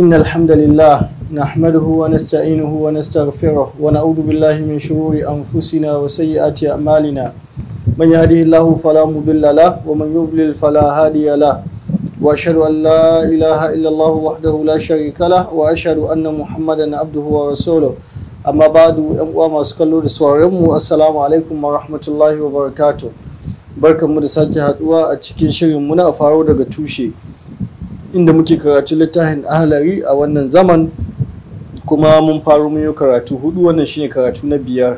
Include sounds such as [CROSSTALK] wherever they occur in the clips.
إن الحمد لله نحمده ونستعينه ونستغفره ونعوذ بالله من شرور أنفسنا وسيئات أعمالنا من يهده الله فلا مضل له ومن يضلل فلا هادي له وأشهد أن لا إله إلا الله وحده لا شريك له وأشهد أن محمدا عبده ورسوله أما بعد yan uwa masu السلام da sauraron mu assalamu alaikum wa rahmatullahi wa barakatuh barkanmu da sake haduwa inda muke karatu littafin ahalari a wannan zaman kuma mun faru mun yi karatu hudu wannan shine karatu na biyar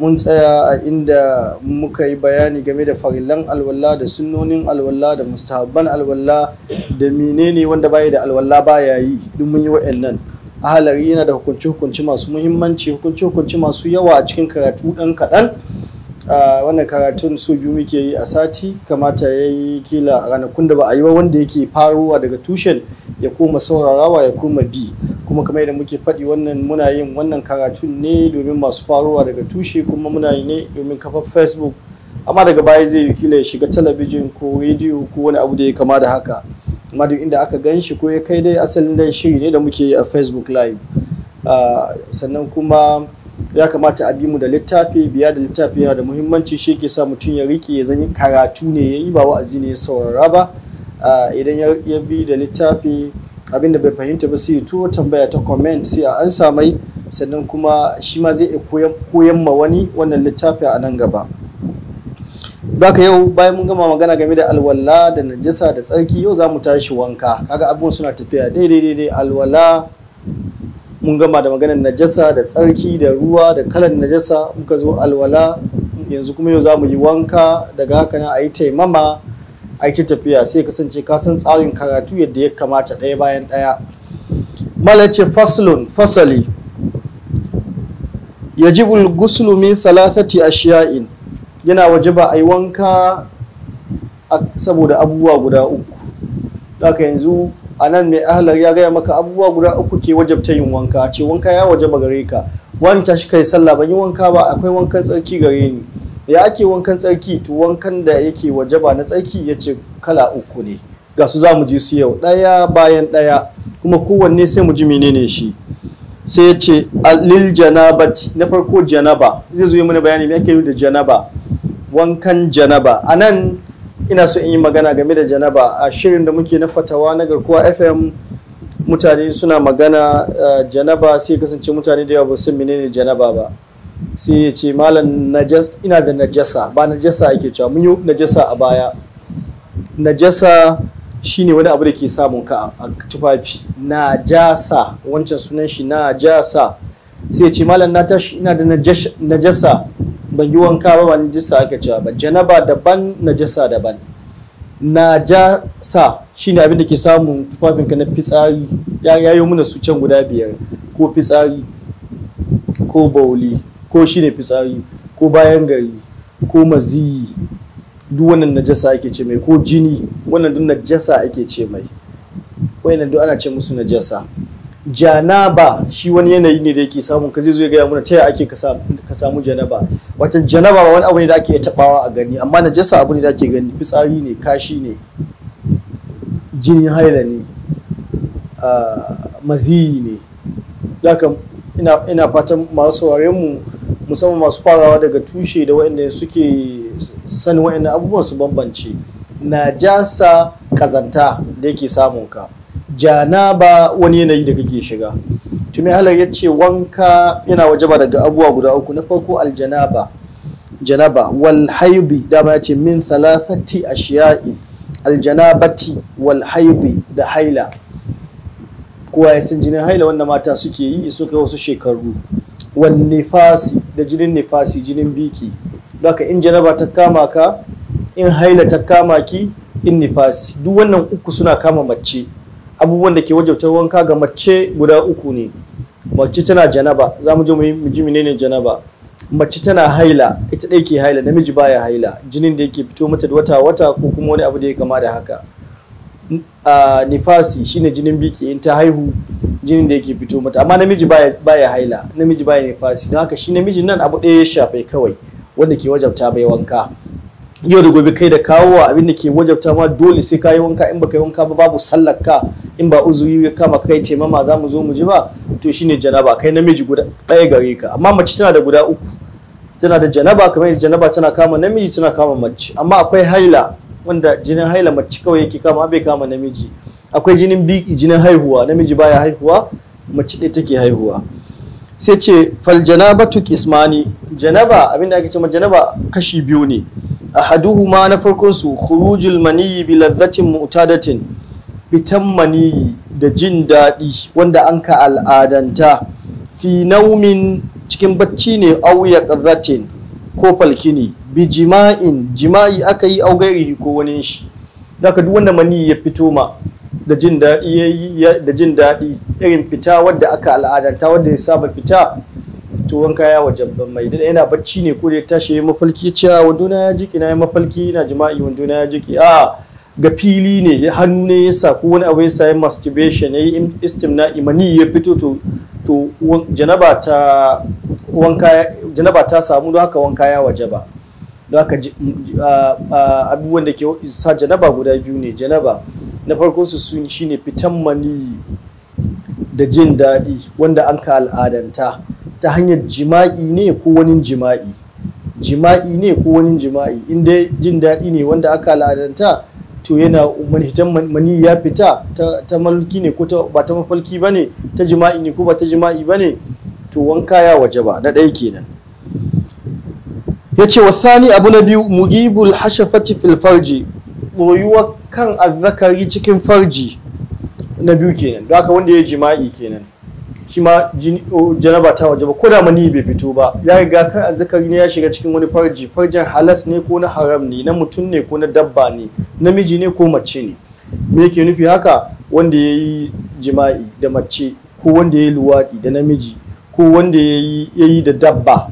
mun tsaya a inda muka yi bayani game da farillan alwala da sunnonin alwala da mustahabban alwala da menene wanda baya da alwala baya yi duk mun yi wa'annan ahalari yana da hukunci hukunci masu muhimmanci hukunci hukunci masu yawa a cikin karatu dan kaɗan wannan karatun su biyu muke yi a sati kamata ya yi kila a ranakun da ba a yi ba wanda yake faruwa daga tushen ya koma saurarawa ya koma bi kuma kamar yadda muke faɗi wannan muna yin wannan karatun ne domin masu faruwa daga tushe kuma muna yi ne domin kafar facebook amma daga baya zai yi kila ya shiga talabijin ko rediyo ko wani abu da ya kama da haka amma duk inda aka gan shi ko ya kai dai asalin dan shiri ne da muke yi a facebook live sannan kuma ya kamata a bi mu da littafi biya da littafi yana da muhimmanci shi ke sa mutum ya rike ya zanyi karatu ne ya yi ba wa'azi ne ya saurara ba idan ya bi da littafi abin da bai fahimta ba sai tuwo tambaya ta comment sai a an samai sannan kuma shi ma zai iya koyan ma wani wannan littafi a nan gaba Baka yau bayan mun gama magana game da alwala da najasa da tsarki yau za mu tashi wanka kaga abubuwan suna tafiya daidai daidai alwala mun gama da maganar najasa da tsarki da ruwa da kalan najasa muka zo alwala yanzu kuma yau za mu yi wanka daga haka na a yi taimama a yi tafiya sai kasance kasan tsarin karatu yadda ya kamata ɗaya bayan ɗaya malace faslun fasali ji guslu min thalathati ashiya'in yana ba a yi wanka saboda abubuwa guda uku haka yanzu a nan mai ahalar ya gaya maka abubuwa guda uku ke wajabta yin wanka ce wanka ya wajaba gare ka wani tashi kai sallah ban yi wanka ba akwai wankan tsarki gare ni ya ake wankan tsarki to wankan da yake wajaba na tsarki ya ce kala uku ne ga su za mu ji su yau ɗaya bayan ɗaya kuma kowanne sai mu ji menene shi sai ya ce alil janabati na farko janaba zai zo yi mana bayani me ake yi da janaba wankan janaba anan ina so in yi magana game da janaba a shirin da muke na fatawa na garkuwa fm mutane suna magana uh, janaba sai kasance mutane da yawa ba sun menene janaba ba sai ya ce malam ina da najasa ba najasa ake cewa mun yi najasa a baya najasa shine wani abu da ke samun ka a tufafi najasa wancan sunan shi najasa sai ce malam na tashi ina da najasa ban yi wanka ba ba najasa aka cewa ba janaba daban najasa daban najasa shine abin da ke samun tufafinka na fitsari ya yayo muna su can guda biyar ko fitsari ko bauli ko shine fitsari ko bayan gari ko maziyi duk wannan najasa ake ce mai ko jini wannan duk najasa ake ce mai wayannan duk ana ce musu najasa janaba shi wani yanayi ne da yake samun ka zai zo ya gaya mana ta yaya ake ka samu janaba watan janaba ba wani abu ne da ake tabawa a gani amma najasa abu ne da ake gani fitsari ne kashi ne jini haila ne maziyi ne haka ina fatan masu sauraren mu musamman masu farawa daga tushe da waɗanda suke sanin waɗanda abubuwan su bambance najasa kazanta da yake samun ka janaba wani yanayi da kake shiga tumi halar ya ce wanka yana wajaba daga abuwa guda uku na farko aljanaba janaba wal haidi dama ya ce min thalathati ashiya'i aljanabati wal haidi da haila kowa ya san jinin haila wanda mata suke yi kai wasu shekaru wal nifasi da jinin nifasi jinin biki haka in janaba ta kama ka in haila ta kama ki in nifasi duk wannan uku suna kama mace abubuwan da ke wajabtar wanka ga mace guda uku ne mace tana janaba za mu je mu ji menene janaba mace tana haila ita ɗaya ke haila namiji baya haila jinin da yake fito mata wata wata ko kuma wani abu da ya kama da haka a nifasi shine jinin biki in ta haihu jinin da yake fito mata amma namiji baya haila namiji baya nifasi don haka shi namiji nan abu ɗaya ya shafe kawai wanda ke wajabta bai wanka yau da gobe kai da kawo abin da ke wajabta ma dole sai ka yi wanka in baka yi wanka ba babu sallar ka in ba uzuri ya kama kai taimama za mu zo mu ji ba to shine janaba kai namiji guda ɗaya gare ka amma mace tana da guda uku tana da janaba kamar yadda janaba tana kama namiji tana kama mace amma akwai haila wanda jinin haila mace kawai yake kama bai kama namiji akwai jinin biki jinin haihuwa namiji baya haihuwa mace ɗaya take haihuwa sai ce fal janabatu qismani janaba abinda ake cewa janaba kashi biyu ne ma na farkon su khurujul maniyi bi ladhatin mu'tadatin fitan maniyi da jin daɗi wanda an ka al'adanta fi naumin cikin bacci ne auya ƙazatin ko falkini bi jima'in jima'i aka yi augairi ko wani shi daga duk wanda maniyi ya fito ma da jin daɗi da jin daɗi irin fita wadda aka al'adanta wadda ya saba fita to wanka ya jamban mai dana yana bacci ne ko da ya tashi ya mafalki cewa ah, wando na ya jiki na ya mafalki na jima'i wando na ya jiki a ga fili ne ya hannu ne ya sa ko wani abu ya sa masturbation ya yi istim na imani ya fito to janaba ta samu don haka wanka ya waje ba. don haka abubuwan da ke sa janaba guda biyu ne janaba na farko su shi ne fitan mani da jin daɗi wanda an ka al'adanta ta hanyar jima'i ne ko wani jima'i jima'i ne ko wani jima'i inda jin daɗi ne wanda aka al'adanta to yana manhitan mani ya fita ta malki ne ko ba ta mafalki ba ne ta jima'i ne ko ba ta jima'i ba ne to wanka ya waje ba na ɗaya kenan Ya ce wa Sani abu na biyu mugibul hashafati fil farji boyuwa kan azzakari cikin farji na biyu kenan don aka wanda ya jima'i kenan shi ma janaba ta waje ba ko da mani bai fito ba ya riga kan azzakari ne ya shiga cikin wani farji farjin halas ne ko na haram ne na mutum ne ko na dabba ne namiji ne ko mace ne me yake nufi haka wanda ya yi jima'i da mace ko wanda ya yi luwaɗi da namiji ko wanda ya yi da dabba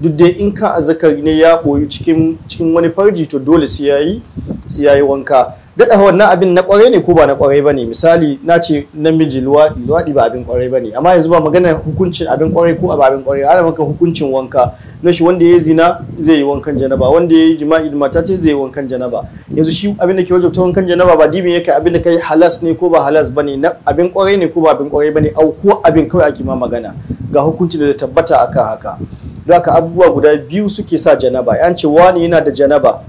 duk dai in a azzakari ne ya koyi cikin cikin wani farji to dole sai yayi sai yayi wanka daɗa wannan abin na kwarai ne ko ba na kwarai bane misali na ce namiji luwaɗi luwaɗi ba abin kwarai bane amma yanzu ba magana hukuncin abin kwarai ko ba abin kwarai ana maka hukuncin wanka na shi wanda ya zina zai yi wankan janaba wanda ya yi jima'i da mata ce zai yi wankan janaba yanzu shi abin da ke wajen wankan janaba ba dibin yake abin da kai halas ne ko ba halas bane na abin kwarai ne ko ba abin kwarai bane au ko abin kawai ake ma magana ga hukuncin da zai tabbata akan haka zaka abubuwa guda biyu suke sa janaba an ce wani yana da janaba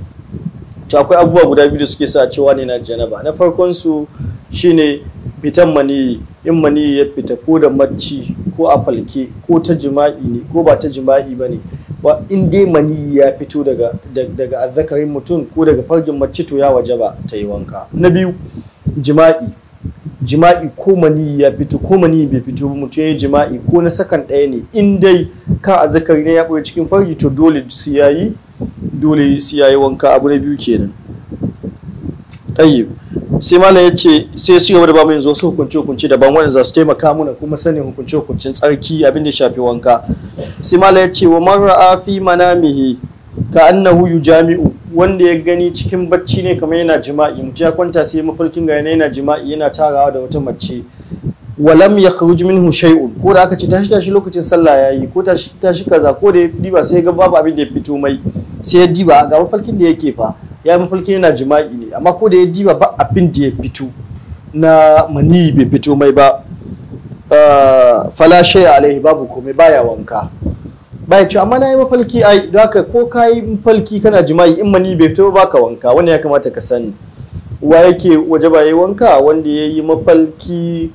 to akwai abubuwa guda biyu da suke sa cewa yana da janaba na farkon su shine fitan maniyi in maniyi ya fita ko da macci ko a falke ko ta jima'i ne ko ba ta jima'i ba ne in dai maniyi ya fito daga daga azzakarin mutum ko daga farjin mace to ya waje ba ta yi wanka na biyu jima'i jima'i ko mani ya fito ko mani bai fito mutum ya jima'i ko na sakan ɗaya ne in dai kan azzakari ne ya ɓoye cikin fari to dole su yayi dole su yayi wanka abu na biyu kenan ɗayyib sai malam ya ce sai su gaba da bamu yanzu wasu hukunce hukunce ban wani za su taimaka mana kuma sanin hukunce hukuncen tsarki abin da shafi wanka sai malam ya ce wa man a fi manamihi ka annahu yujami'u wanda ya gani cikin bacci ne kamar yana jima'i mutum ya kwanta sai mafarkin ga yana yana jima'i yana tarawa da wata mace walam ya kharuj minhu shay'un ko da aka ce tashi tashi lokacin sallah yayi ko tashi tashi kaza ko da ya diba sai ga babu abin da ya fito mai sai ya diba ga mafarkin da yake fa ya mafarkin yana jima'i ne amma ko da ya diba ba abin da ya fito na mani bai fito mai ba ah, fala shay'a alaihi babu komai baya wanka bai ce amma na yi mafalki ai don haka ko ka yi mafalki kana jima'i in mani bai fito ba ka wanka wani ya kamata ka sani wa yake waje ba yi wanka wanda ya yi mafalki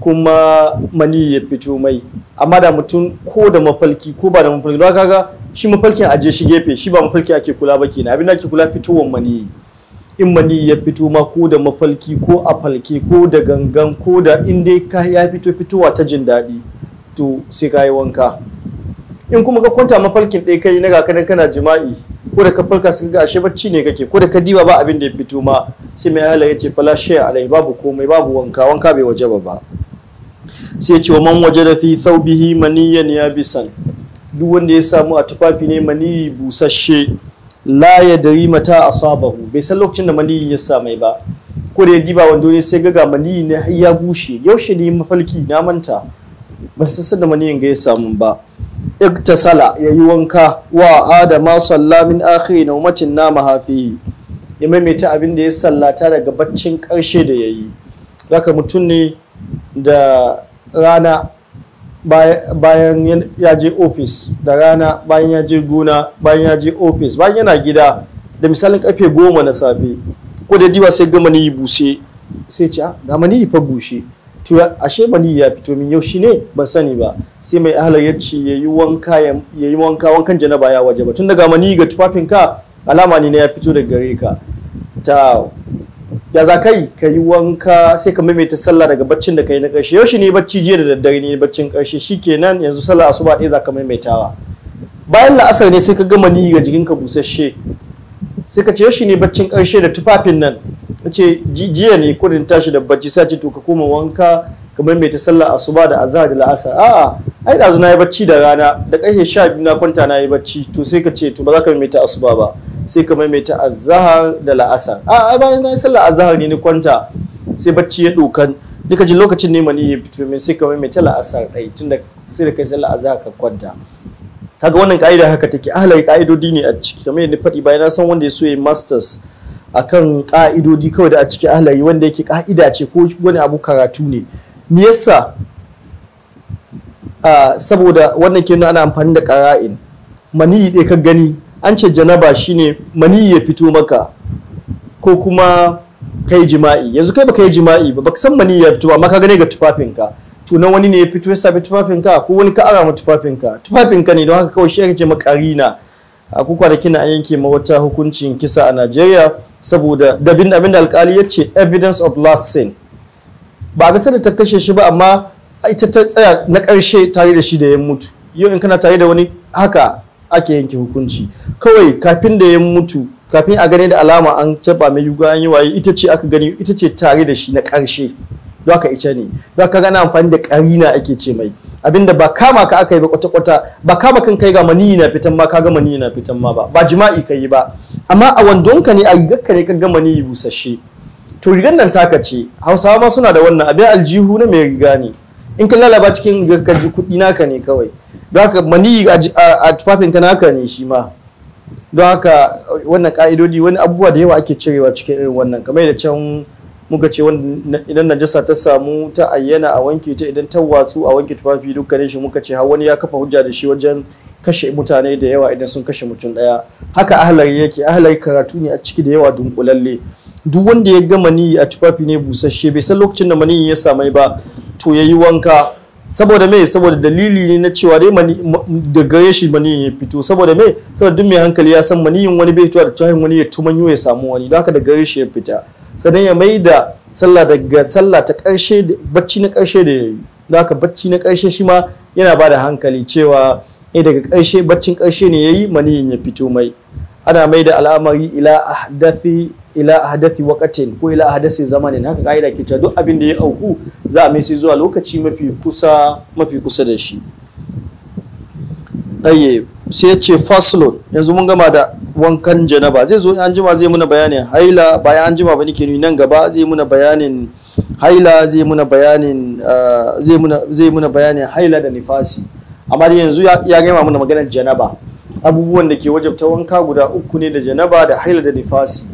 kuma mani ya fito mai amma da mutum ko da mafalki ko ba da mafalki don kaga shi mafalkin aje shi gefe shi ba mafalki ake kula ba kenan abin da ake kula fitowar mani in mani ya fito ma ko da mafalki ko a falke ko da gangan ko da inda ya fito fitowa ta jin daɗi to sai ka yi wanka in kuma ka kwanta mafalkin ɗaya kai na gaka kana jima'i ko da ka farka sun ga ashe bacci ne kake ko da ka diba ba abin da ya fito ma sai mai hala ya ce fala shaya alai babu komai babu wanka wanka bai waje ba sai ce man waje da fi saubihi maniyan ya bisan duk wanda ya samu a tufafi ne maniyi busasshe la ya dari mata a sabahu bai san lokacin da maniyin ya sa ba ko da ya diba wando ne sai ga ga maniyi ne ya bushe yaushe ne mafalki na manta ba su san da mani ga ya samu ba iktasala ya yi wanka wa adama salla min akhiri na umatin na mahafihi ya maimaita abin da ya sallata daga baccin karshe da ya yi zaka mutum ne da rana bayan ya je ofis da rana bayan ya je gona bayan ya je ofis bayan yana gida da misalin karfe goma na safe ko da diwa sai gama ni bushe sai ce a ah, gama ni fa bushe to ashe bani ya fito min yau ne ban sani ba sai mai ahla ya ce yayi wanka yayi wanka wankan janaba ya waje ba tun daga mani ga tufafin ka alama ne na ya fito daga gare ka ta ya za kai ka yi wanka sai ka maimaita sallah daga baccin da ka na ƙarshe yau ne bacci jiya da daddare ne baccin ƙarshe shikenan yanzu sallah asuba ɗaya za ka maimaitawa bayan la'asar ne sai ka gama ni ga jikinka busasshe suka ce shi ne baccin karshe da tufafin nan ce jiya ne kudin tashi da bacci Sa ce to ka koma wanka kamar mai ta sallah asuba da azhar da la'asar a'a ai dazu na yi bacci da rana da karshe sha biyu na kwanta na yi bacci to sai ka ce to ba za ka mai ta asuba ba sai ka mai ta azhar da la'asar a'a bayan na yi sallah azhar ne ni kwanta sai bacci ya dokan duka ji lokacin ne mani ya fito min sai ka mai ta la'asar ɗai tunda sai da kai sallah azhar ka kwanta kaga wannan ka'ida haka take ahlai ka'idodi ne a ciki kamar yadda faɗi bayan na san wanda ya so ya masters akan ka'idodi kawai da a ciki ahlai wanda yake ka'ida ce ko wani abu karatu ne me yasa saboda wannan ke ana amfani da qara'in maniyi ɗaya ka gani an ce janaba shine maniyi ya fito maka ko kuma kai jima'i yanzu kai baka yi jima'i ba baka san maniyi ya fito amma ka gane ga tufafinka to na wani ne ya fito ya sami ka ko wani ka ara tufafin ka ne don haka kawai shi ake ce makarina a ku kwanakin na an yanke ma wata hukuncin kisa a Najeriya saboda dabin abin da alkali ya ce evidence of last sin ba a ga da ta kashe shi ba amma ita ta tsaya na ƙarshe tare da shi da ya mutu yau in kana tare da wani haka ake yanke hukunci kawai kafin da ya mutu kafin a gane da alama an caba mai yugo an yi waye ita ce aka gani ita ce tare da shi na ƙarshe don haka ice ne don haka gana amfani da karina ake ce mai abinda ba kama ka aka yi ba kwata-kwata ba kama kan kai ga maniyi na fitan ma ka ga maniyi na fitan ma ba ba jima'i ka yi ba amma a wandonka ne a rigarka ne ka ga maniyi busasshe to rigar nan taka ce hausawa ma suna da wannan abin aljihu na mai riga ne in ka lalaba cikin rigar ka ji kuɗi naka ne kawai don haka maniyi a tufafin ka naka ne shi ma don haka wannan ka'idodi wani abubuwa da yawa ake cirewa cikin irin wannan kamar da can muka ce idan najasa ta samu ta ayyana a wanke ta idan ta watsu a wanke tufafi dukkanin shi muka ce har wani ya kafa hujja da shi wajen kashe mutane da yawa idan sun kashe mutum daya haka ahlari yake ahlari karatu ne a ciki da yawa dunkulalle duk wanda ya ga ni a tufafi ne busasshe bai san lokacin da maniyi ya samai ba to ya yi wanka saboda me saboda dalili ne na cewa dai da gare shi mani ya fito saboda me saboda duk mai hankali ya san maniyin wani bai fito da tuhin wani ya tumanyo ya samu wani da haka da gare shi ya fita sannan ya mai da sallah daga sallah ta ƙarshe bacci na ƙarshe da ya yi don haka bacci na ƙarshe shi ma yana ba da hankali cewa eh daga ƙarshe baccin ƙarshe ne ya yi maniyin ya fito mai ana mai da al'amari ila ahdathi ila ahdathi waqatin ko ila ahdathi zamanin haka ka'ida ke duk abin da ya auku za a mai sai zuwa lokaci mafi kusa mafi kusa da shi ɗaye sai ya ce faslon yanzu mun gama da wankan janaba zai zo an jima zai muna bayanin haila bayan an jima ba ke nan gaba zai muna bayanin haila zai muna bayanin ah, zai muna zai muna bayanin haila da nifasi amma yanzu ya gama muna maganar janaba abubuwan da ke wajabta wanka guda uku ne da janaba da haila da nifasi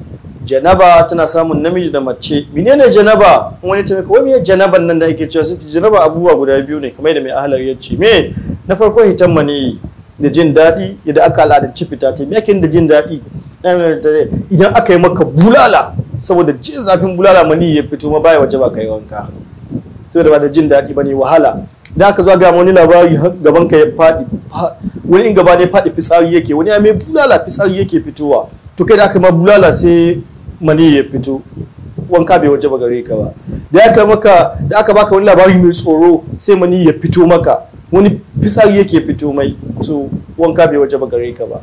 janaba tana samun namiji da mace menene janaba wani ta kawai me janaban nan da ake cewa janaba abubuwa guda biyu ne kamar da mai ahlar ya ce me na farko hitan ne. da jin daɗi idan aka ci fita ta me da jin daɗi idan aka yi maka bulala saboda jin zafin bulala mani ya fito ma baya waje ba ka yi wanka saboda ba da jin daɗi ba ne, wahala Idan aka zo ga wani labari gaban ka ya faɗi wani in gaba ne faɗi fitsari yake wani ya mai bulala fitsari yake fitowa to kai da aka ma bulala sai mani ya fito wanka bai waje ba gare ka ba da aka maka da aka baka wani labari mai tsoro sai mani ya fito maka wani fisari yake fito mai to wanka bai waje ba gare ka ba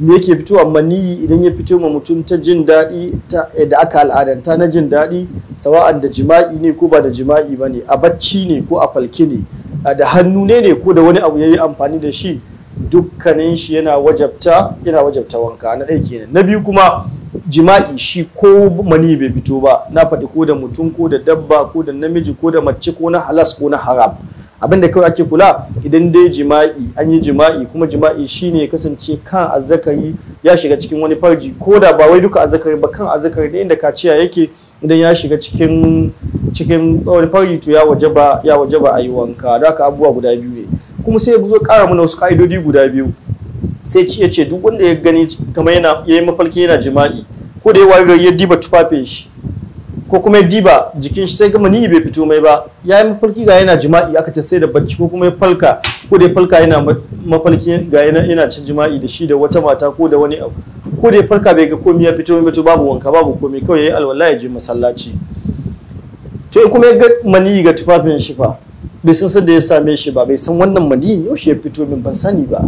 me yake fito amma ni idan ya fito ma mutum ta jin daɗi eh, da aka al'adanta na jin daɗi sawa'an da jima'i ne ko ba da jima'i ba ne a bacci ne ko a falke ne da hannu ne ne ko da wani abu ya yi amfani da shi dukkanin shi yana wajabta yana wajabta wanka na ɗaya kenan na biyu kuma jima'i shi ko mani bai fito ba na faɗi ko da mutum ko da dabba ko da namiji ko da mace ko na halas ko na haram abinda kawai ake kula idan dai jima'i an yi jima'i kuma jima'i shine kasance kan azzakari ya shiga cikin wani farji ko da ba wai duka azzakari ba kan azzakari da inda kaciya yake idan ya shiga cikin cikin wani farji to ya ba ya waje a yi wanka da haka abubuwa guda biyu ne kuma sai ya zo kara mana wasu ka'idodi guda biyu sai ya ce duk wanda ya gani kamar yana yayi mafarki yana jima'i ko da ya wari ya diba tufafin shi ko kuma ya diba jikin shi sai gama ni bai fito mai ba ya yi mafarki ga yana jima'i aka ta sai da bacci ko kuma ya falka ko da ya falka yana mafarki ga yana yana cin jima'i da shi da wata mata ko da wani abu ko da ya falka bai ga komai ya fito mai ba to babu wanka babu komai kawai yayi alwala ya je masallaci to kuma ya ga mani ga tufafin shi fa bai san sanda ya same shi ba bai san wannan mani yau ya fito min ban sani ba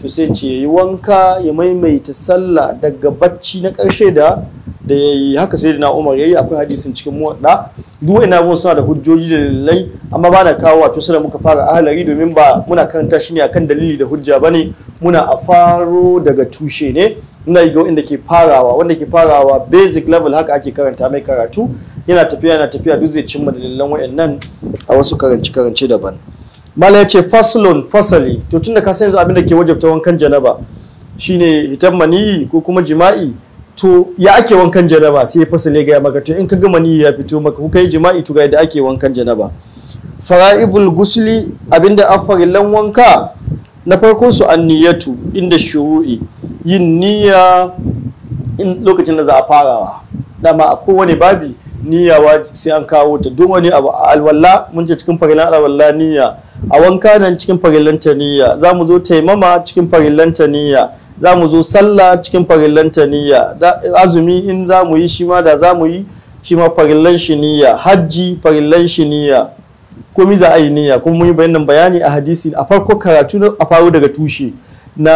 to sai ce yi wanka ya maimaita sallah daga bacci na karshe da da ya yi haka sai na umar ya yi akwai hadisin cikin muwaɗa. duk na abin suna da hujjoji da dalilai amma ba na kawo wato sai muka fara ahalari domin ba muna karanta shi ne akan dalili da hujja ba ne. muna a faro daga tushe ne muna yi ga wanda ke farawa wanda ke farawa basic level haka ake karanta mai karatu yana tafiya yana tafiya duk zai cimma dalilan nan a wasu karance karance daban mala ya ce faslon fasali to tunda ka san yanzu abinda da ke wajabta wankan janaba shine hitan mani? ko kuma jima'i to ya ake wankan janaba sai fasale ga maka to in ka gama ni ya fito maka kuka yi jima'i to ga yadda ake wankan janaba fara'ibul gusli abinda afarilan wanka na farko su an niyatu inda shuru'i yin niyya in lokacin da za a farawa dama a kowane babi niyyawa sai an kawo ta duk wani abu a alwala mun ce cikin farilan alwala niyya a wanka nan cikin farilan niyya za mu zo taimama cikin farilan niyya za mu zo sallah cikin farillan ta azumi in za mu yi shi ma da za mu yi shi ma farillan shi hajji farillan shi niyya komi za a yi niyya kuma mun yi bayanin bayani a hadisi a farko karatu a faru daga tushe na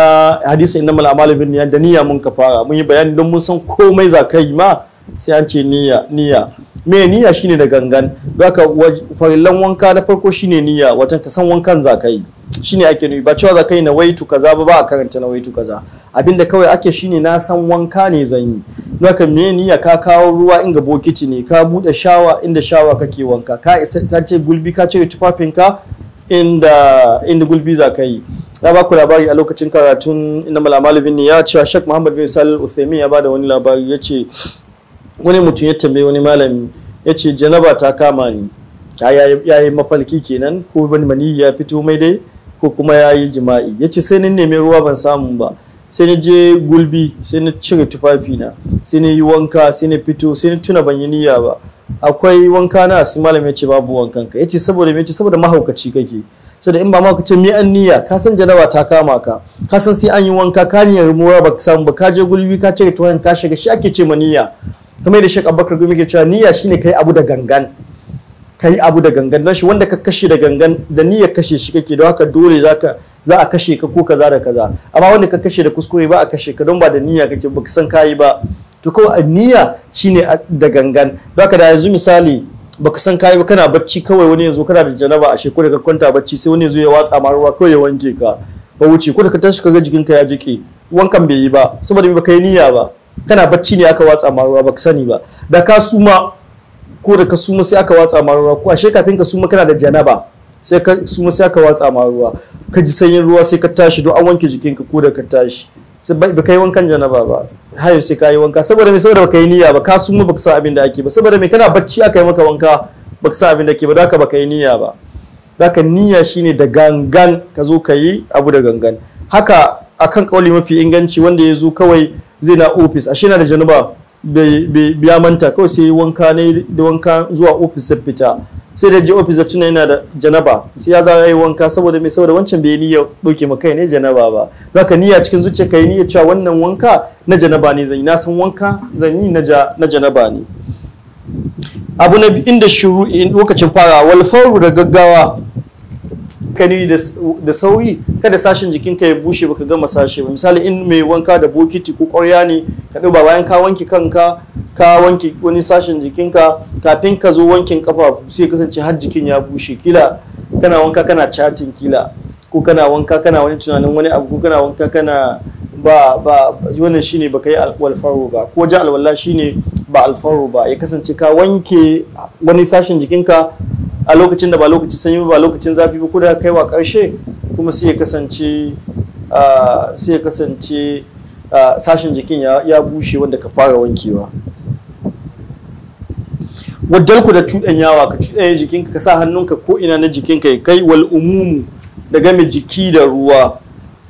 hadisi innamal a'malu bin da niyya mun ka fara mun yi bayani don mun san komai za ka yi ma sai an ce niyya niyya me niyya shine da gangan haka farillan wanka na farko shine niyya watan ka san wankan za ka yi shine ake ni. ba cewa za ka yi na waitu kaza ba ba a karanta na waitu kaza abinda kawai ake shine na san wanka ne zan yi haka me niyya ka kawo ruwa inga bokiti ne ka bude shawa inda shawa kake wanka ka isa ka ce gulbi ka cire tufafinka inda inda gulbi za ka yi na baku labari a lokacin karatun inda malamalu ne ya cewa shek muhammad bin salil uthaymin ya da wani labari ya wani mutum ya tambaye wani malami ya ce janaba ta kama ni ya yi mafalki kenan ko mani ya fito mai dai ko kuma ya yi jima'i ya ce sai ni nemi ruwa ban samu ba sai ni je gulbi sai ni cire tufafina sai ni yi wanka sai ni fito sai ni tuna ban yi niyya ba akwai wanka na sai malami ya ce babu wankan ka Ya ce saboda me ce saboda mahaukaci kake saboda in ba ma kace me an niyya ka san janaba ta kama ka ka san sai an yi wanka ka ni ruwa ba ka samu ba ka je gulbi ka cire tufafin ka shiga shi ake ce ma niyya kamar da Sheikh Abubakar Gumi ke cewa niyya shine kai abu da gangan kai abu da gangan don shi wanda ka kashe da gangan da niyya kashe shi kake don haka dole zaka za a kashe ka ko kaza da kaza amma wanda ka kashe da kuskure ba a kashe ka don ba da niyya kake ba san kayi ba to kawai niyya shine da gangan don haka da yanzu misali baka san kayi ba kana bacci kawai wani yazo kana da janaba a shekara ka kwanta bacci sai wani yazo ya watsa ma ruwa kawai ya wanke ka Ba wuce ko da ka tashi ka ga jikinka ya jike wankan bai yi ba saboda ba kai niyya ba kana bacci ne aka watsa ma ruwa baka sani ba da ka suma ko da ka suma sai aka watsa ma ruwa ko ashe kafin ka suma kana da janaba sai ka suma sai aka watsa ma ruwa ka ji sanyin ruwa sai ka tashi don an wanke jikinka ko da ka tashi ba kai wankan janaba ba hayar sai ka yi wanka saboda me saboda baka yi niyya ba ka suma baka san abin da ake ba saboda me kana bacci aka yi maka wanka baka san abin da ake ba don haka baka yi niyya ba haka niyya shine da gangan ka zo ka yi abu da gangan haka akan kauli mafi inganci wanda ya zo kawai zai na ofis ashe na da janaba bai manta kawai sai wanka ne da wanka zuwa ofis sai fita sai da je ofis da tuna yana da janaba sai ya ya yi wanka saboda mai saboda wancan bai niyya dauke maka ne janaba ba zaka niyya cikin zuciya kai niyya cewa wannan wanka na janaba ne zan yi na san wanka zan yi na janaba ne abu na inda shuru lokacin fara wal da gaggawa kani da sauri? kada sashen jikinka ya bushe ba ka gama sashe ba misali in mai wanka da bokiti ko ƙwarya ne ka ɗauka bayan ka wanki kanka ka wanki wani sashen jikinka kafin ka zo wankin kafafu sai kasance har jikin ya bushe kila kana wanka kana chatting kila ko kana wanka kana wani tunanin wani abu ko kana wanka kana ba ba wannan shine baka yi alfaru ba ko ja alwala shine ba alfaru ba ya kasance ka wanke wani sashen jikinka a lokacin da ba lokacin sanyi ba lokacin zafi ba kuda da kaiwa karshe kuma sai ya kasance sai ya kasance sashen jikin ya bushe wanda ka fara wankewa wajen ku da cuɗanyawa ka cuɗanya jikinka ka sa hannunka ko ina na jikinka ya kai wal umumu da game jiki da ruwa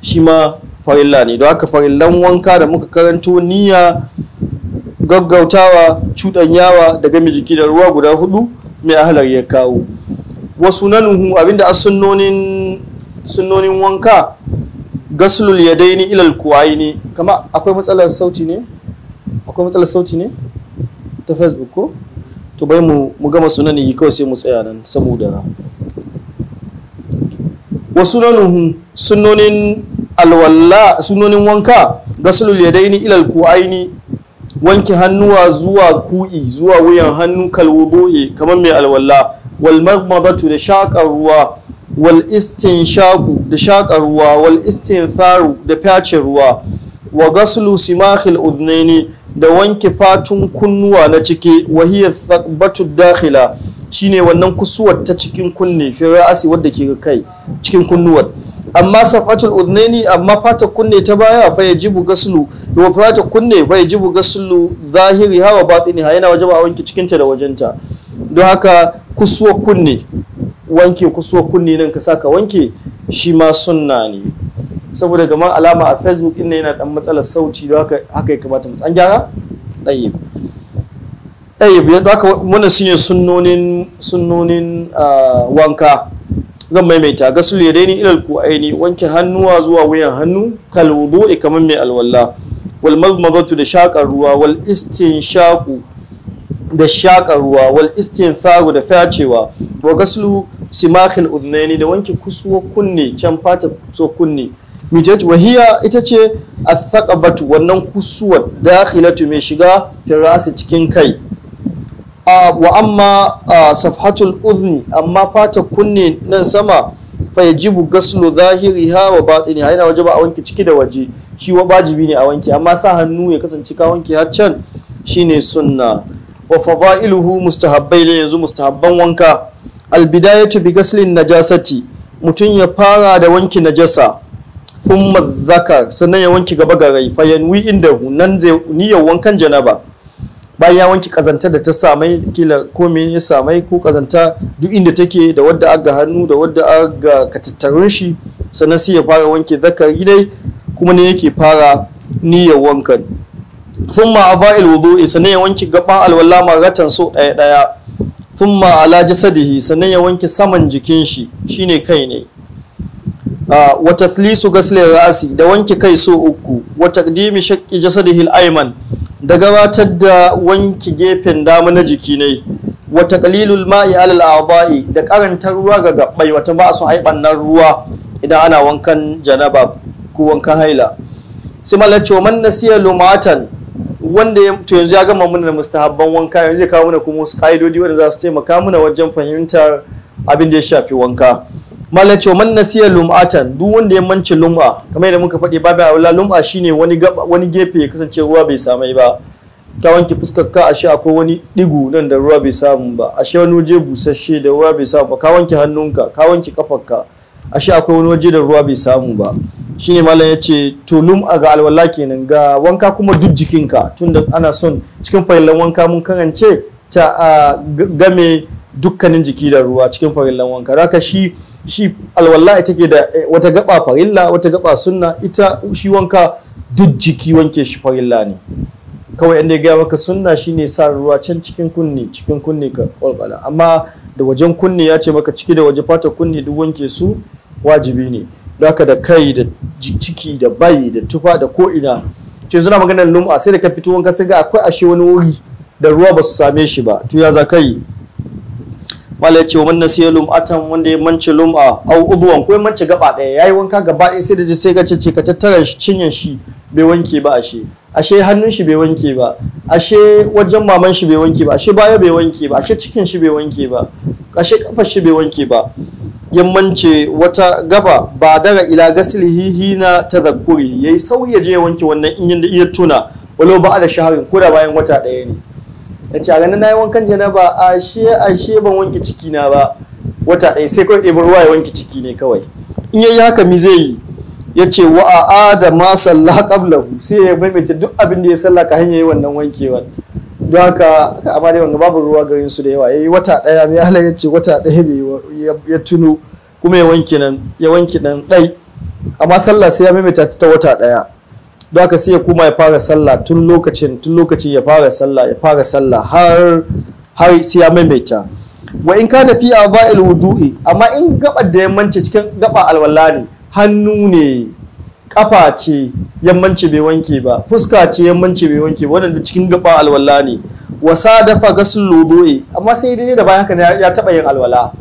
shi ma farilla ne don haka farillan wanka da muka karanto niyya gaggautawa cuɗanyawa da game jiki da ruwa guda hudu mai ahalar ya kawo wasu nanuhu abinda a sunnonin wanka gaslul ya daini ilal ne kama akwai matsalar sauti ne akwai matsalar sauti ne ta facebook ko to bai mu gama sunan yi kawai sai mu tsaya nan saboda wasu nanuhu sunnonin alwallah sunnonin wanka gaslul ya daini ilal kuwaini wanke hannuwa zuwa ku'i zuwa wuyan hannu kalwudu'i kamar mai alwalla wal magmadatu da shakar ruwa wal shaku da shakar ruwa wal istintharu da fyace ruwa wa gaslu simakhil udhnaini da wanke fatun kunnuwa na ciki wa hiya thaqbatu dakhila shine wannan kusuwar ta cikin kunne fi ra'asi wanda ke kai cikin kunnuwar amma safatul udnaini amma fata kunne ta baya fa yajibu gaslu wa fata kunne fa yajibu gaslu zahiri hawa batini ha yana wajaba a wanke cikinta da wajenta don haka kusuwa kunne wanke kusuwa kunne nan ka saka wanke shi ma sunna ne saboda kamar alama a facebook inda yana dan matsalar sauti don haka haka ya kamata an gyara ɗayyib ɗayyib don haka muna sunnonin sunnonin ah, wanka zan maimaita gasul yadaini ilal ku aini wanke hannuwa zuwa wuyan hannu kal wudu'i kamar mai alwala wal madmadatu da shakar ruwa wal shaku da shakar ruwa wal istintharu da facewa wa gaslu simakhil udnaini da wanke kusuwa kunne can fata so kunne mijaj wahiya ita ce athaqabatu wannan kusuwa dakhilatu mai shiga firasi cikin kai wa amma safhatul udhni amma fata kunne nan sama fa yajibu gaslu zahiriha wa batini yana wajaba a wanke ciki da waje shi wa wajibi ne a wanke amma sa hannu ya kasance ka wanke har can shine sunna wa fadailuhu mustahabbai ne yanzu mustahabban wanka albidayatu bi gaslin najasati mutum ya fara da wanke najasa thumma zakar sannan ya wanke gaba garai fa yanwi inda nan zai niyyar wankan janaba bayan ya wanke kazanta da ta samai kila ko me ya samai ko kazanta duk inda take da wadda aga hannu da wadda aga katattarun shi sannan sai ya fara wanke zakari dai kuma ne yake fara niyyar wankan thumma afa'il alwudu'i sannan ya wanki gaban alwala maratan so daya daya thumma ala jasadihi sannan ya wanke saman jikin shi shine kai ne wa tathlisu ghasli ra'si da wanke kai so uku wa taqdimi shaqqi jasadihi al-ayman da gabatar da wanki gefen dama na jiki ne wata kalilul ma'i alal a'dha'i da karanta ruwa ga gabbai wata ba su haibannan ruwa idan ana wankan janaba ko wankan haila sai mallan man nasiya lumatan wanda to yanzu ya gama mana mustahabban wanka yanzu zai kawo mana kuma wasu ka'idodi wanda za su taimaka mana wajen fahimtar abin da ya shafi wanka malacho man nasiya lum'atan duk wanda ya mance lum'a kamar yadda muka faɗi babu aula lum'a shine wani wani gefe ya kasance ruwa bai samai ba ta wanke fuskar ka ashe akwai wani digu nan da ruwa bai samu ba ashe wani waje busasshe da ruwa bai samu ba ka wanke hannunka ka wanke kafarka ashe akwai wani waje da ruwa bai samu ba shine malam yace to lum'a ga alwala kenan ga wanka kuma duk jikinka tunda ana son cikin fayilan wanka mun karance ta game dukkanin jiki da ruwa cikin fayilan wanka haka shi shi alwalla ita ke da eh, wata gaba farilla wata gaba sunna ita shi wanka duk jiki wanke shi farilla ne kawai inda ya gaya maka sunna shine sa ruwa can cikin kunni cikin kunni ka kwalkwala amma da wajen kunni ya ce maka ciki da waje fata kunni duk wanke su wajibi ne haka da kai da ciki da bayi da tufa da ko'ina ce suna maganar lum'a sai da ka fito wanka sai ga akwai ashe wani wuri da ruwa ba su same shi ba to ya za ka yi mala ce man na sai lum'atan wanda ya manci lum'a au uduwan ko ya manci gaba ɗaya yayi wanka gaba ɗaya sai da ji sai ga ce ka tattara cinyan shi bai wanke ba ashe ashe hannun shi bai wanke ba ashe wajen maman shi bai wanke ba ashe baya bai wanke ba ashe cikin shi bai wanke ba ashe kafar shi bai wanke ba yammance wata gaba ba dara ila gaslihi Ya yi yayi sauye je ya wanke wannan in iya tuna walau ba da shaharin ko da bayan wata ɗaya ne ya ce a ganin na yi wankan shiye ashe ashe ban wanke ciki na ba wata ɗaya sai kawai ɗebar ruwa ya wanke ciki ne kawai in yayi haka mi zai yi ya ce wa a da ma sallah qablahu sai ya maimaita duk abin da ya salla ka hanyar wannan wankewar don haka ka amma dai wanga babu ruwa garin su da yawa yayi wata ɗaya mai halar ya ce wata ɗaya bai ya tuno kuma ya wanke nan ya wanke nan ɗai amma sallah sai ya maimaita ta wata ɗaya don haka sai ya koma ya fara sallah tun lokacin tun lokacin ya fara sallah ya fara sallah har har sai ya maimaita wa in kana fi aba'il wudu'i amma in gaba da yammanci cikin gaba alwala ne hannu ne kafa ce yammanci bai wanke ba fuska ce yammanci bai wanke ba Wannan cikin gaba alwala ne wa sadafa gasul wudu'i amma sai dai da bayan haka ya taba yin alwala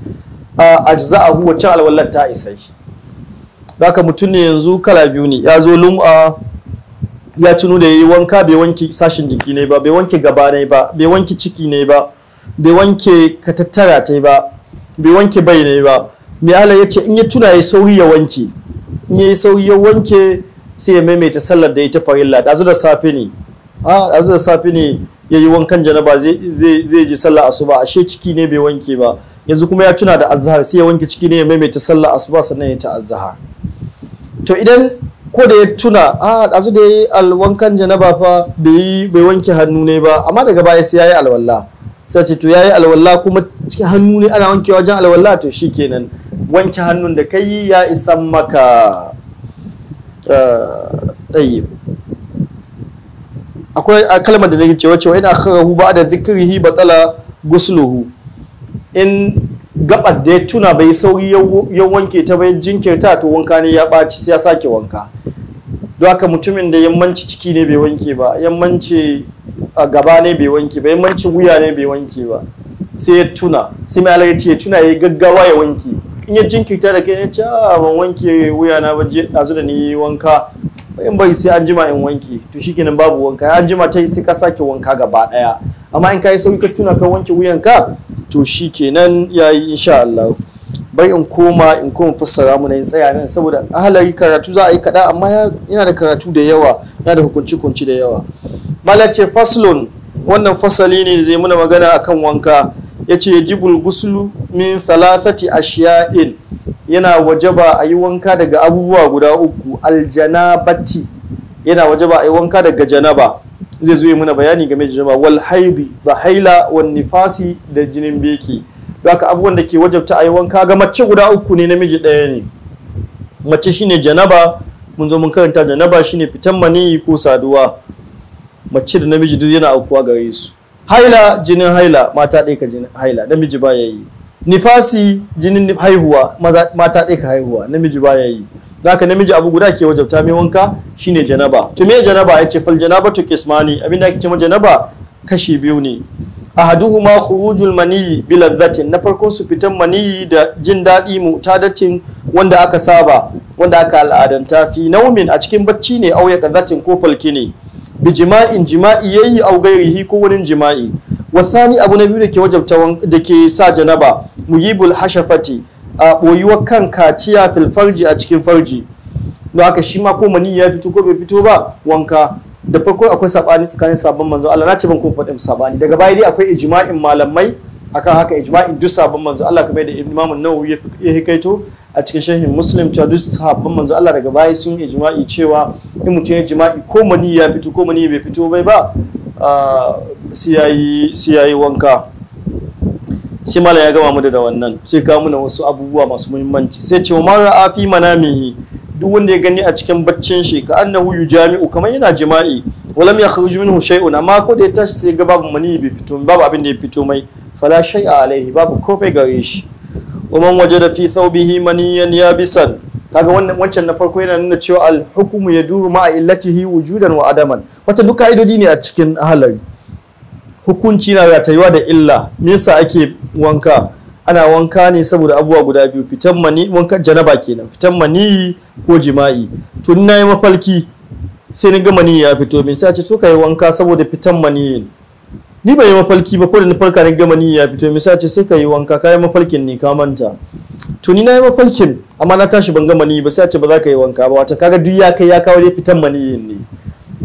ajza'ahu cin alwalar ta isai haka mutum ne yanzu kala biyu ne ya zo lum'a ya tuno da yi wanka bai wanke sashen jiki ne ba bai wanke gaba ne ba bai wanke ciki ne ba bai wanke katattara ta ba bai wanke bai ne ba mai Allah ya ce in ya tuna ya sauri ya wanke in ya sauri ya wanke sai ya maimaita sallar da ya ta farilla ɗazu da safe ne a ɗazu da safe ne ya yi wankan janaba zai je sallar asuba ashe ciki ne bai wanke ba yanzu kuma ya tuna da azhar sai ya wanke ciki ne ya maimaita sallar asuba sannan ya ta azhar to idan ko da ya tuna a ɗazu da ya yi alwankan janaba fa bai wanke hannu ne ba amma daga baya sai ya yi alwalla sai ce to ya yi alwalla kuma cikin hannu ne ana wanke wajen alwalla to shi kenan wanke hannun da ka yi ya isan maka eh, ɗaye akwai kalmar da nake cewa cewa ina akharahu ba da ba tsala gusluhu in gabar da ya tuna bai sauri ya wanke ta bai jinkirta to wanka ne ya ɓaci sai ya sake wanka don haka mutumin da yammanci ciki ne bai wanke ba yammanci a gaba ne bai wanke ba yammanci wuya ne bai wanke ba sai ya tuna sai mai alaƙa ce ya tuna ya gaggawa ya wanke in ya jinkirta da kai ya ce a ah, ban wanke wuya na ba ɗazu da ni wanka in bai sai an jima in wanke to shikenan babu wanka ya jima ta yi sai ka sake wanka gaba ɗaya amma in kai sauki ka tuna ka wanke wuyanka to shi kenan yayi insha Allah bai in koma in koma fassara mu na tsaya nan saboda ahalari karatu za a yi kada amma yana da karatu da yawa yana da hukunci kunci da yawa malam ce faslun wannan fasali ne zai muna magana akan wanka yace jibul guslu min thalathati ashiya'in yana wajaba a yi wanka daga abubuwa guda uku aljanabati yana wajaba a yi wanka daga janaba zai zo ya muna bayani game da jama'a wal haidi da haila wal nifasi da jinin beki aka abubuwan da ke wajabta a yi wanka ga mace guda uku ne namiji ɗaya ne mace shine janaba mun zo mun karanta janaba shine fitan maniyi ko saduwa mace da namiji duk yana aukuwa gare su haila jinin haila mata ɗaya ka jinin haila namiji ba ya yi nifasi jinin haihuwa mata ɗaya ka haihuwa namiji ba ya yi zaka namiji abu guda ke wajabta mai wanka shine janaba to me janaba yace fal to kismani abin da kike ma janaba kashi biyu ne ahaduhuma khurujul maniyi bi ladhati na farkon su fitan maniyi da jin daɗi datin wanda aka saba wanda aka al'adanta fi naumin a cikin bacci ne au ya kazatin ko falki ne bi jima'in jima'i yayi au gairihi ko wurin jima'i wasani abu na biyu da ke wajabta da ke sa janaba muyibul hashafati a ɓoyuwar kan kaciya fil a cikin farji don haka shi ma ko mani ya fito ko bai fito ba wanka da farko akwai sabani tsakanin sabon manzo Allah na ce ban ko faɗin sabani daga baya dai akwai ijma'in malamai akan haka ijma'in duk sabon manzo Allah kamar da Imam Nawawi ya hikaito a cikin shahin Muslim cewa duk sabon manzo Allah daga baya sun yi ijma'i cewa in mutum ya jima'i ko mani ya fito ko mani bai fito bai ba siyayi siyayi wanka sai mala ya gama mu da wannan sai ka muna wasu abubuwa masu muhimmanci sai ce mara ra'a fi manamihi duk wanda ya gani a cikin baccin shi ka annahu yujami'u kamar yana jima'i walam yakhruj minhu shay'un amma ko da ya tashi sai ga babu mani bai fito babu abin da ya fito mai fala shay'a alaihi babu kofai gare shi wa wajada fi thawbihi maniyan yabisan kaga wannan wancan na farko yana nuna cewa al-hukmu yaduru ma'a illatihi wujudan wa adaman wata duk ka'idodi ne a cikin halari hukunci na ratayuwa da illa nisa ake wanka ana wanka ne saboda abubuwa guda biyu fitan mani wankan janaba kenan fitan mani ko jima'i to na yi mafalki sai ni ga mani ya fito min sai ce to kai yi wanka saboda fitan mani ni bai yi mafalki ba ko da ni farka ni gama ni ya fito misali ce sai kai yi wanka ka yi mafalkin ni ka manta to ni na yi mafalkin amma na tashi ban gama ni ba sai a ce ba za ka yi wanka ba wata kaga duk ya kai ya kawo dai fitan mani ne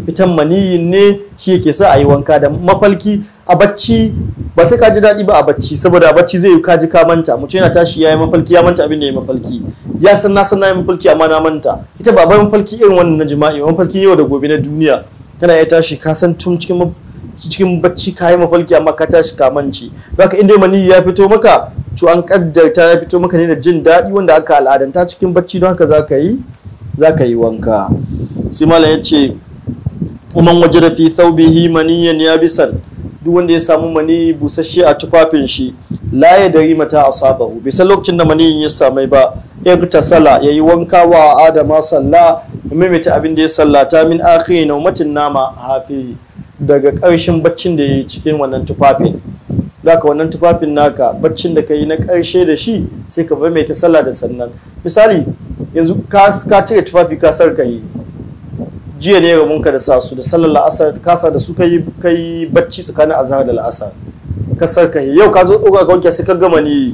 fitan mani ne shi yake sa a yi wanka da mafalki a bacci ba sai ka ji daɗi ba a bacci saboda a bacci zai yi ka ji ka manta mutum yana tashi ya yi mafalki ya manta abin da ya mafalki ya san na san na yi mafalki amma na manta ita ba bai mafalki irin wannan na jima'i mafalki yau da gobe na duniya kana ya tashi ka san tun cikin cikin bacci ka yi mafalki amma ka tashi ka manci haka inda mani ya fito maka to an kaddarta ya fito maka ne da jin daɗi wanda aka al'adanta cikin bacci don haka za ka yi wanka sai malam ya ce uman waje da fi thawbihi maniyan ya bisan duk wanda ya samu mani busasshe a tufafin shi la ya dari mata asabahu bai san lokacin da mani ya samai ba ta sala yi wanka wa adama Sallah, ya maimaita abin da ya sallata min akhiri na umatin nama hafi daga ƙarshen baccin da ya yi cikin wannan tufafin ka wannan tufafin naka baccin da ka yi na ƙarshe da shi sai ka maimaita sallah da sannan misali yanzu ka cire tufafi ka sarka yi jiya ne munka da sa su da sallar la'asar kasa da su kai kai bacci tsakanin azhar da la'asar kasar ka yau ka zo ɗora ka wanke sai ka gama ni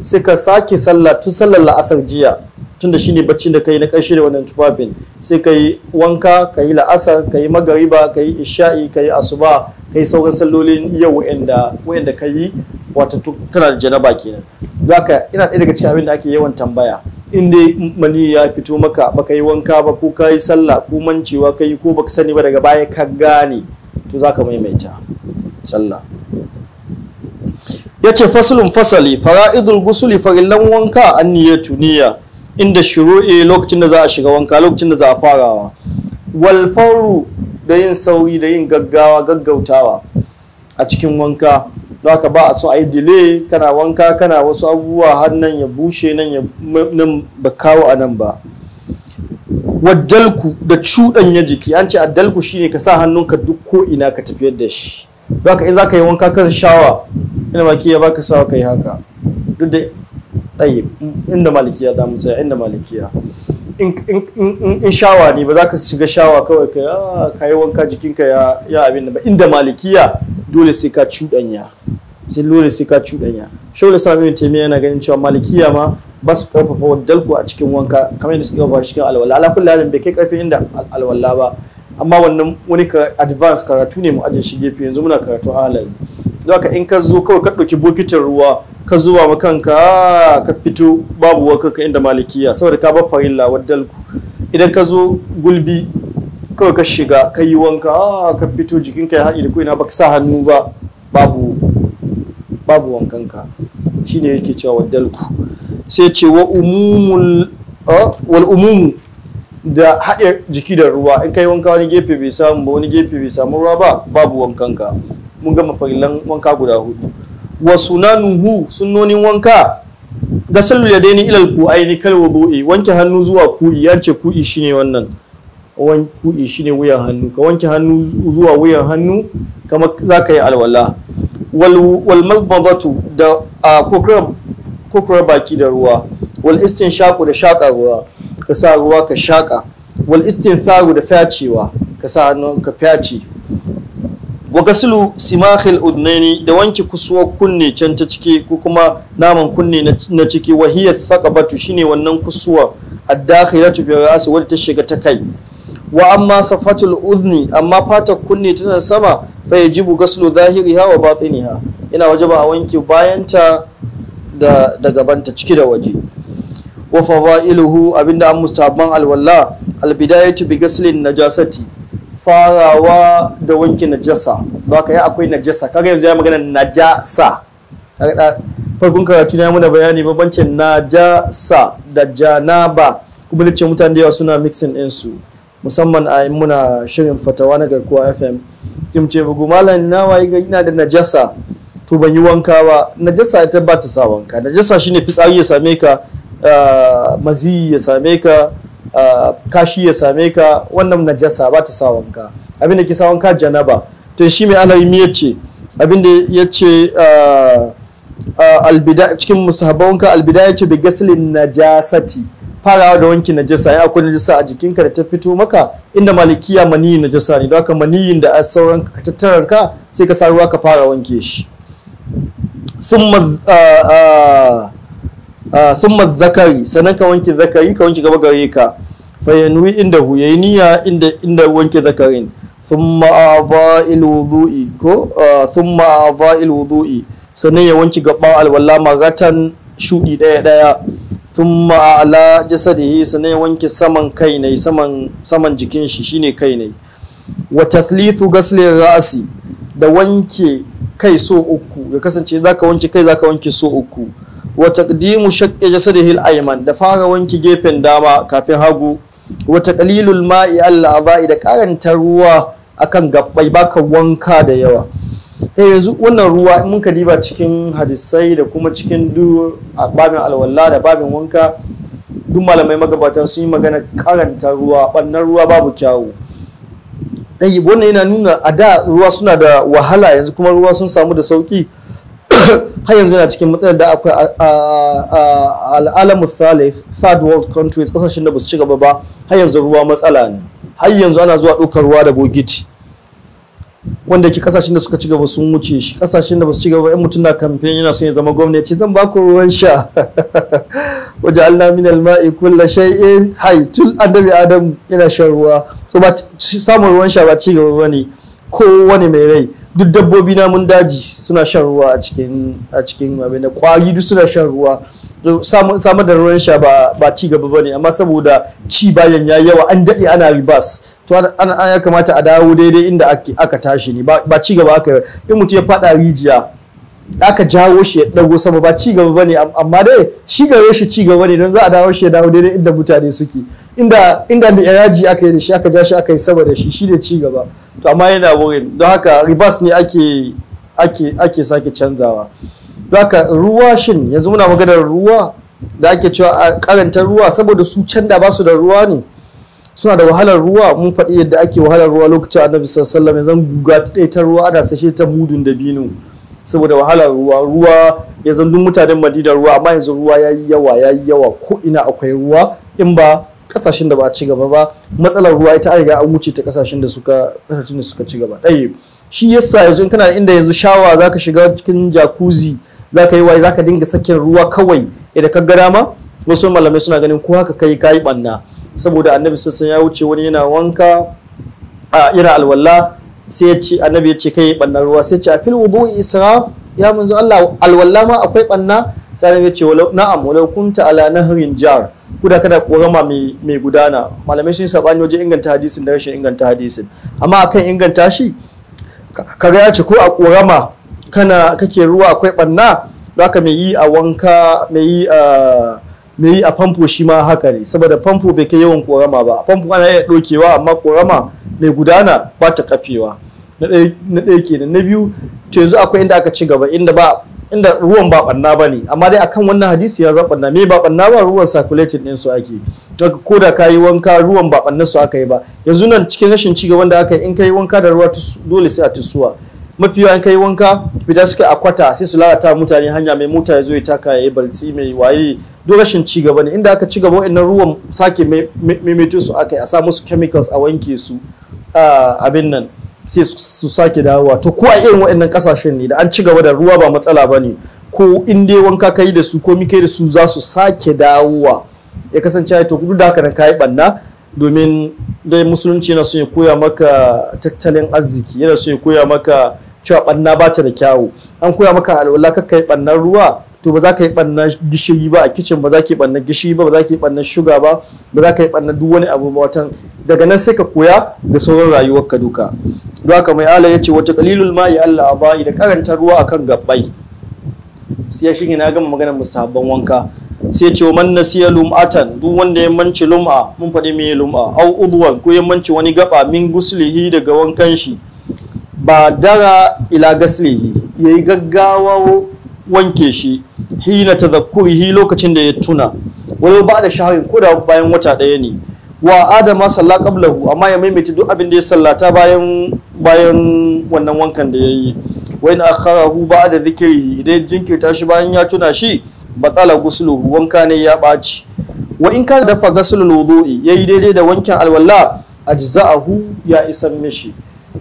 sai ka sake sallah tun sallar la'asar jiya tun da shine baccin da kai na karshe da wannan tufafin sai ka yi wanka ka yi la'asar ka yi magariba ka yi isha'i ka yi asuba ka yi sauran sallolin yau wa'anda ka yi wata kana da janaba kenan za ka ina ɗaya daga cikin abin da ake yawan tambaya Inda mani ya fito maka baka yi wanka ba ko ka yi sallah ko mancewa ka yi ko baka sani ba daga baya ka gane to za ka maimaita sallah ya ce fasulun fasali fara'idul gusuli farillan wanka an niyatu niyya inda shuru'i lokacin da za a shiga wanka lokacin da za a farawa walfaru da yin sauri da yin gaggawa gaggautawa a cikin wanka don haka ba a so a yi delay kana wanka kana wasu abubuwa har nan ya bushe nan ya nan ba kawo a nan ba wadalku da cuɗanya jiki an ce shi shine ka sa ka duk ko ina ka tafiyar da shi don haka in za ka yi wanka kan shawa ina maki ya baka sawa ka yi haka duk da ɗaya inda malikiya za mu tsaya inda malikiya in shawa ne ba za ka shiga shawa kawai ka kayi ah, wanka jikinka ya abin da ba inda malikiya dole sai ka cuɗanya sai dole sai ka cuɗanya shaula sami mai taimiyya yana ganin cewa malikiya ma ba su karfafa wadalku a cikin wanka kamar yadda suka karfafa cikin alwala ala kulli halin bai kai karfi inda alwala ba amma wannan wani advance karatu ne mu ajin shi gefe yanzu muna karatu a halal don haka in ka zo kawai ka ɗauki bokitin ruwa ka zuwa makanka, kanka ka fito babu waka ka inda malikiya saboda ka bar farilla waddalku idan ka zo gulbi kawai ka shiga ka yi wanka ah, ka fito jikinka ya haɗe da ko ina ba ka sa hannu ba babu babu wankanka shine yake cewa waddalku sai ce wa umumul ah, wal umum da haɗe jiki da ruwa in kai wanka wani gefe bai samu ba wani gefe bai samu ruwa ba babu wankanka mun gama farillan wanka guda hudu wa sunanuhu sunnonin wanka gasalul daini ilal aini kal wudu'i wanke hannu zuwa ku'i ya ce ku'i shine wannan ku'i shine wuyan hannu ka wanke hannu zuwa wuyan hannu kamar zaka yi alwala wal mazmadatu da kokurar baki da ruwa wal shaku da shaka ruwa ka sa ruwa ka shaka wal istinsaru da fyacewa ka sa hannu ka fyace wa simahil simakhil udnaini da wanke kusuwar kunne can ta ciki ko kuma naman kunne na ciki wa hiya thaqabatu shine wannan kusuwa ad-dakhilatu fi ra'si wanda ta shiga ta kai wa amma safatul udni amma fatar kunne tana sama fa yajibu gaslu zahiriha wa batiniha ina wajaba a wanke bayanta da da gabanta ciki da waje wa fawailuhu abinda an mustahabban alwalla albidayatu bi gaslin najasati farawa da wanke najasa ba ka yi akwai najasa kaga yanzu ya magana najasa farkon karatu na yamuna bayani babancin najasa da janaba kuma da ce mutane da yawa suna mixing din su musamman a muna shirin fatawa na garkuwa fm sai mu ce bugu malam na wayi ga ina da najasa to ban yi wanka ba najasa ita ba ta sa wanka najasa shine fitsari ya same ka ah, maziyi ya same ka Ah, kashi ya same ka wannan najasa ba ta sa wanka abin da ke sa janaba to shi mai alaymi ya ce abin ya ce ah, ah, cikin musahaban albida ya ce bi gaslin najasati farawa da wanki najasa ya akwai najasa a jikinka da ta fito maka inda malikiya maniyin najasa ne don haka maniyin da sauran ka tattaran ka sai ka sa ruwa ka fara wanke shi summa Ah, thumma zakari sannan ka wanke zakari ka wanke gaba gare ka fa yanwi inda hu yayi niyya inda inda wanke zakarin thumma ava'il wudu'i ko ah, thumma ava'il wudu'i sannan ya wanke gaban alwala magatan shudi daya daya thumma ala jasadihi sannan ya wanke saman kai ne saman saman jikin shi shine kai ne wa tathlithu ghasli ra'si da wanke kai so uku ya kasance zaka wanke kai zaka wanke so uku wa taqdimu shaqqi jasadihi al-ayman da fara wanki gefen dama kafin hagu wa taqlilul ma'i al-adha'i da karanta ruwa akan gabbai baka wanka da yawa eh yanzu wannan ruwa in muka diba cikin hadisai da kuma cikin du babin alwala da babin wanka duk malamai magabata sun yi magana karanta ruwa bannan ruwa babu kyawu eh, wannan yana nuna a da ruwa suna da wahala yanzu kuma ruwa sun samu da sauki har yanzu yana cikin matsalar da akwai al'alamu thalif third world countries kasashen da ba su ci gaba ba har yanzu ruwa matsala ne har yanzu ana zuwa ɗaukar ruwa da bogiti wanda ke kasashen da suka ci gaba sun wuce shi kasashen da ba su ci gaba yan mutum na kamfen yana son ya zama gwamnati zan ba ku ruwan sha [LAUGHS] waje Allah min alma'i kulla shay'in hay tun annabi adam yana shan ruwa so ba samun ruwan sha ba ci gaba bane kowane mai rai duk dabbobi na mun daji suna shan ruwa a cikin a abin da kwari duk suna shan ruwa samar da ruwan sha ba ci gaba ba ne amma saboda ci bayan ya yawa an daɗe ana ribas to ana ya kamata a dawo daidai inda aka tashi ne ba ci gaba aka in mutum ya faɗa rijiya aka jawo shi ya dago sama ba ci gaba bane amma dai shi gare shi ci gaba ne don za a dawo shi ya dawo daidai inda mutane suke inda inda mai yaji aka yi da shi aka ja shi aka yi sama da shi shi ne ci gaba to amma yana wurin don haka ribas ne ake ake ake sake canzawa don haka ruwa shin yanzu muna maganar ruwa da ake cewa a karanta ruwa saboda su can da ba su da ruwa ne suna da wahalar ruwa mun faɗi yadda ake wahalar ruwa lokacin annabi sallallahu alaihi wasallam yanzu guga ta ruwa ana sashe ta mudun da binu saboda wahalar ruwa ruwa ya duk mutanen madina ruwa amma yanzu ruwa ya yi yawa ya yi yawa ko ina akwai ruwa in ba kasashen da ba a ci gaba ba matsalar ruwa ita an riga an wuce ta kasashen da suka kasashen da suka ci gaba ɗaya shi yasa yanzu in kana inda yanzu shawa zaka shiga cikin jacuzzi zaka yi waye zaka dinga sakin ruwa kawai idan ka ga dama wasu malamai suna ganin ko haka kai kayi banna saboda annabi sassan ya wuce wani yana wanka a ira alwala sai ya ce annabi ya ce kai banna ruwa sai ce a fil wudu israf ya munzo Allah alwallama ma akwai banna sai annabi ya ce na'am walau kunta ala nahrin jar kuda kada korama mai gudana malamai sun sabani waje inganta hadisin da rashin inganta hadisin amma akan inganta shi kaga ya ce ko a korama kana kake ruwa akwai banna haka mai yi a wanka mai yi a ah, me yi a famfo shi ma haka ne saboda famfo bai kai yawan korama ba a famfo ana iya ɗaukewa amma korama mai gudana ba ta kafewa na ɗaya kenan na biyu to yanzu akwai inda aka ci gaba inda ba inda ruwan ba ɓanna ba ne amma dai akan wannan hadisi ya zaɓa ɓanna me ba ɓanna ba ruwan circulating ɗin su ake ko da ka yi wanka ruwan ba banna su aka yi ba yanzu nan cikin rashin ci gaban da aka yi in ka yi wanka da ruwa dole sai a tusuwa mafi yawan kai wanka fita suke akwata sai su lalata mutane hanya mai mota ya zo ya taka ya yi baltsi mai waye duk rashin ci gaba ne inda aka ci gaba wa'annan ruwan sake maimaito su aka yi a sa musu chemicals a wanke su abin nan sai su sake dawowa to ko a irin wa'annan kasashen ne da an ci gaba da ruwa ba matsala ba ne ko in dai wanka ka yi da su ko mi kai da su za su sake dawowa ya kasance to duk da haka nan kayi banna domin dai musulunci yana so ya koya maka tattalin arziki yana so ya koya maka cewa banna ba ta da kyawu an koya maka alwala ka kai bannan ruwa to ba za ka yi ɓannan gishiri ba a kicin ba za ka yi ɓannan gishiri ba ba za ka yi ɓannan shuga ba ba za ka yi ɓannan duk wani abu ba watan daga nan sai ka koya da sauran rayuwar ka duka don haka mai ala ya ce wata kalilul ma'i Allah abai da karanta ruwa akan gabbai sai ya shige na gama maganar mustahabban wanka sai ce man nasiya lum'atan duk wanda ya manci lum'a mun faɗi me lum'a au udwan ko ya manci wani gaba min guslihi daga wankan shi ba dara ila gaslihi ya yi gaggawa wanke shi hina ta zakurihi lokacin da ya tuna wani ba da shaharin koda bayan wata ɗaya ne wa adama salla qablahu amma ya maimaita duk abin da ya sallata bayan bayan wannan wankan da ya yi wa in akharahu ba'da zikiri idan jinkirta shi bayan ya tuna shi batala gusluhu wanka ne ya ɓaci wa in kana dafa gaslul wudu'i yayi daidai da wankin alwalla ajza'ahu ya isan mishi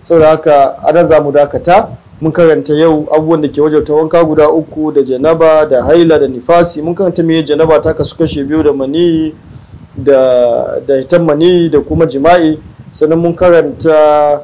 saboda haka a nan za mu dakata mun karanta yau abubuwan da ke wajauta wanka guda uku da janaba da haila da nifasi mun karanta me janaba ta kasu kashe biyu da mani da da hitan mani da kuma jima'i sannan mun karanta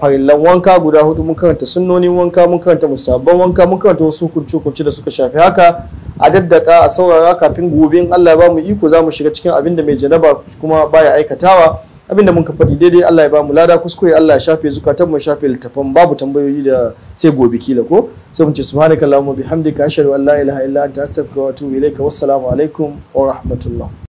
farillan wanka guda hudu mun karanta sunnonin wanka mun karanta mustahabban wanka mun karanta wasu hukunci hukunci da suka shafi haka a daddaka a saurara kafin gobe in Allah ya ba mu iko za mu shiga cikin abin da mai janaba kuma baya aikatawa abinda mun ka faɗi daidai Allah ya bamu lada kuskure Allah ya shafe zukatan mu shafe littafan babu tambayoyi da sai gobe kila ko sai mu ce subhanaka allahumma bihamdika ashhadu an la ilaha illa anta astaghfiruka wa atubu ilaika wassalamu alaikum wa rahmatullah